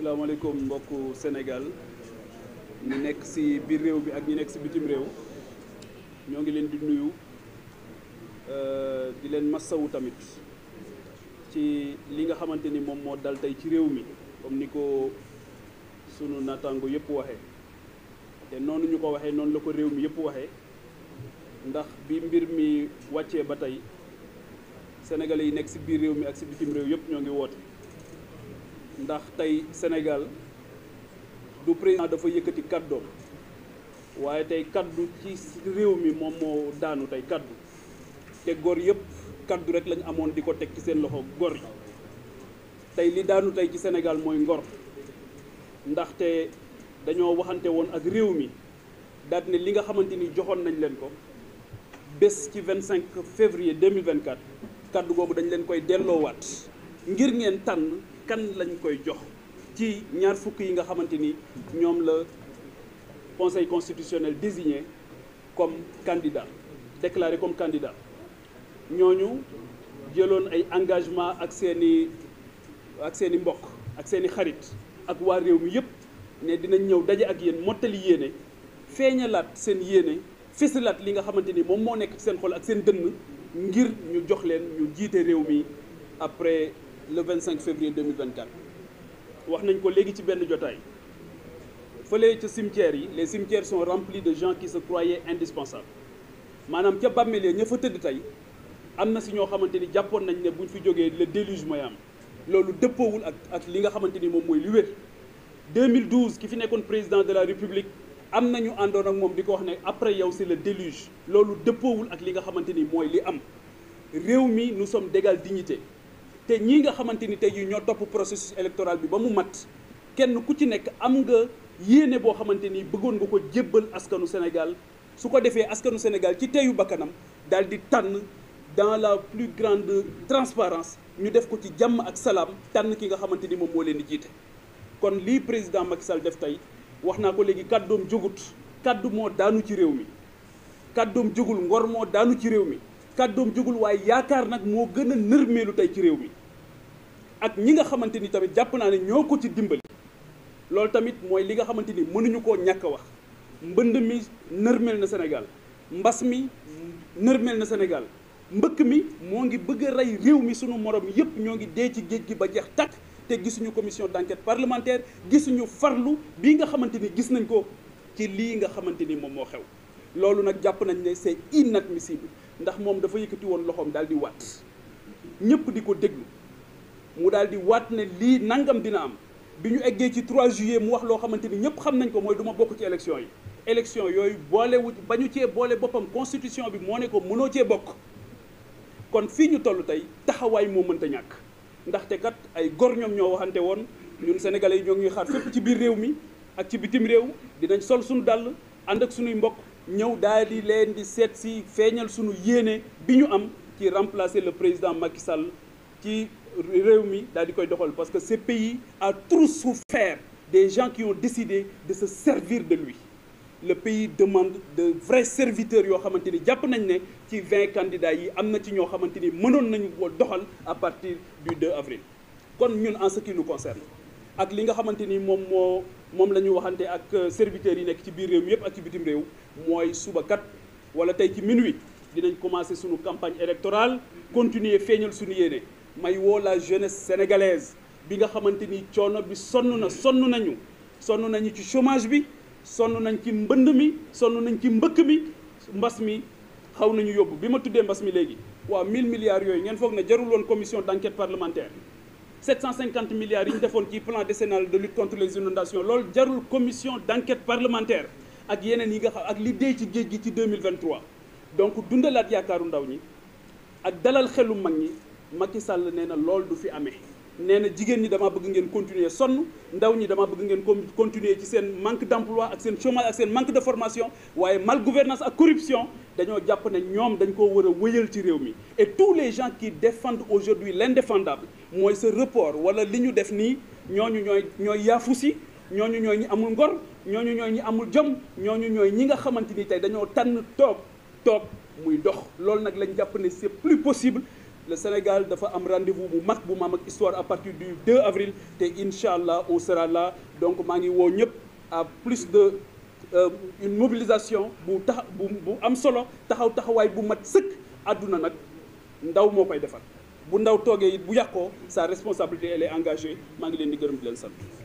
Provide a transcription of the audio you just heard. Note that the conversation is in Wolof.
asalaamaaleykum mbokk Sénégal ñu nekk si biir réew bi ak ñu nekk ci bitim réew ñoo ngi leen di nuyu euh, di leen massawu tamit ci li nga xamante ni moom moo dal tey ci réew mi comme ni ko sunu naataango yëpp waxee te noonu ñu ko waxee noonu la ko réew mi yépp waxee ndax bi mbir mi wàccee ba tey sénégalais yi nekk si biir réew mi ak ci bitim réew yëpp ñoo ngi woote. ndax tey Sénégal du président dafa yëkkati kàddoom waaye tey kàddu ci réew mi moom moo daanu tey kàddu te góor yëpp kàddu rek lañu amoon di ko teg ci seen loxo góor yi tey li daanu tey ci Sénégal mooy ngor ndaxte dañoo waxante woon ak réew mi daal ne li nga xamante ni joxoon nañ leen ko bés ci 25 février 2024 kaddu googu dañ leen koy delloowaat ngir ngeen tànn. kan lañ koy jox ci ñaar fukk yi nga xamante ni ñoom la conseil constitutionnel désigné comme candidat déclaré comme candidat ñooñu jëloon ay engagement ak seeni ak seeni mbokk ak seeni xarit ak waa réew mi yépp ne dinañ ñëw daje ak yéen mottali yéene feeñalaat seen yéene fësalaat li nga xamante ni moom moo nekk seen xol ak seen dënn ngir ñu jox leen ñu jiite réew mi après le 25 février 2024 wax nañ ko léegi ci benn jotaay fële ca cimetières yi les cimetières sont remplis de gens qui se croyaient indispensables maanaam ca bàmmeel ya ña fa tëdd tey am na si ñoo xamante ni jàppoon nañ ne bu ñu fi jógee le déluge mooy am loolu dëppoowul ak ak li nga xamante ni moom mooy li wér 2012 ki fi nekkoon président de la république am nañu àndoon ak moom di ko wax ne après yow si le déluge loolu dëppoowul ak li nga xamante ni mooy li am réew mi nous sommes d'égale dignité te ñii nga xamante ni tey jii ñoo topp processus électoral bi ba mu mat kenn ku ci nekk am nga yéene boo xamante ni bëggoon nga ko jébbal askanu Sénégal su ko defee askanu Sénégal ci teyu bakkanam daal di tànn dans la plus grande transparence ñu def ko ci jàmm ak salaam tànn ki nga xamante ni moom moo leen di jiite. kon lii président Macky Sall def tey wax naa ko léegi kàddoom jógut kàddu moo daanu ci réew mi kàddoom jógul ngor moo daanu ci réew mi kàddoom jógul waaye yaakaar nag moo gën a nërmeelu tey ci réew mi. ak ñi nga xamante ni tamit jàpp naa ne ñoo ko ci dimbali loolu tamit mooy li nga xamante ni mënuñu koo ñàkk wax mbënn mi nërmeel na senegal mbas mi nërmeel na Sénégal mbëkk mi moo ngi bëgg a rey réew mi sunu moroom yépp ñoo ngi dee ci géej gi ba jeex takk te gisuñu commission d'enquête parlementaire gisuñu farlu bii nga xamante ni gis nañ ko ci lii nga xamante ni moom moo xew loolu nag jàpp nañ ne c'est inadmissible ndax moom dafa yëkkati woon loxoom daal di waat ñépp di ko déglu mu daal di waat ne lii nangam dina am bi ñu eggee ci trois juillet mu wax loo xamante ni ñëpp xam nañ ko mooy duma bokk ci élection yi. élection yooyu boolewut ba ñu cee boole boppam constitution bi moo ne ko mënoo cee bokk kon fii ñu toll tey taxawaay moo mënta ñàkk ndaxte kat ay gor ñoom ñoo waxante woon ñun sénégalais yi ñoo ngi ñuy fépp ci biir réew mi ak ci bitim réew dinañ sol suñu dàll ànd ak suñuy mbokk ñëw daal di leen di seet si feeñal suñu yéene bi ñu am ci remplacer le président Macky Sall ci. réew mi daal di koy doxal parce que ce pays a trop souffert des gens qui ont décidé de se servir de lui le pays demande de vrai serviteurs yoo xamante ni jàpp nañ ne ci vingt candidats yi am na ci ñoo xamante ni mënoon nañu ko doxal à partir du 2 avril kon ñun en ce qui nous concerne ak li nga xamante ni moom moo moom la ñu waxante ak serviteurs yi nekk ci biir réew mi yëpp ak ci bitim réew mooy suba kat wala tey ci minuit dinañ commencer suñu campagne électorale continuer feeñal suñu yéene may woo la jeunesse sénégalaise bi nga xamante ni coono bi sonn na sonn nañu sonn nañu ci chomage bi sonn nañ ci mbënd mi sonn nañ ci mbëkk mi mbas mi xaw nañu yóbbu bi ma tuddee mbas mi léegi waaw 1000 milliards yooyu ngeen foog na jarul woon commission d'enquête parlementaire 750 milliards yi ñu defoon ci plan décennal de lutte contre les inondations loolu jarul commission d'enquête parlementaire ak yeneen yi nga xam ak li ci géej gi ci 2023 donc dundalaat yaakaaru ndaw ñi ak dalal xelu mag ñi Macky Sall nee na loolu du fi amee nee na jigéen ñi dama bëgg ngeen continuer sonn ndaw ñi dama bëgg ngeen continuer ci seen manque d'emploi ak seen chômage ak seen manque de formation waaye mal gouvernance ak corruption dañoo jàpp ne ñoom dañ koo war a wëyal ci réew mi et tous les gens qui défendent aujourd'hui l'indéfendable mooy ce report wala li ñu def nii ñooñu ñooy ñooy yaafu si ñooñu ñooy ñi amul ngor ñooñu ñooy ñi amul jom ñooñu ñooy ñi nga xamante ni tey dañoo tànn toog toog muy dox loolu nag lañ jàpp ne c'est possible le Sénégal dafa am rendez-vous bu mag bu maam ak histoire à partir du 2 avril te incha allah au sera là donc maa ngi woo ñëpp à plus de euh, une mobilisation bu tax bu bu am solo taxaw taxawaay bu mat sëkk àdduna nag ndaw moo koy defar bu ndaw toogee it bu yàqoo sa responsabilité elle est engagée maa ngi leen di gërëm di leen sant.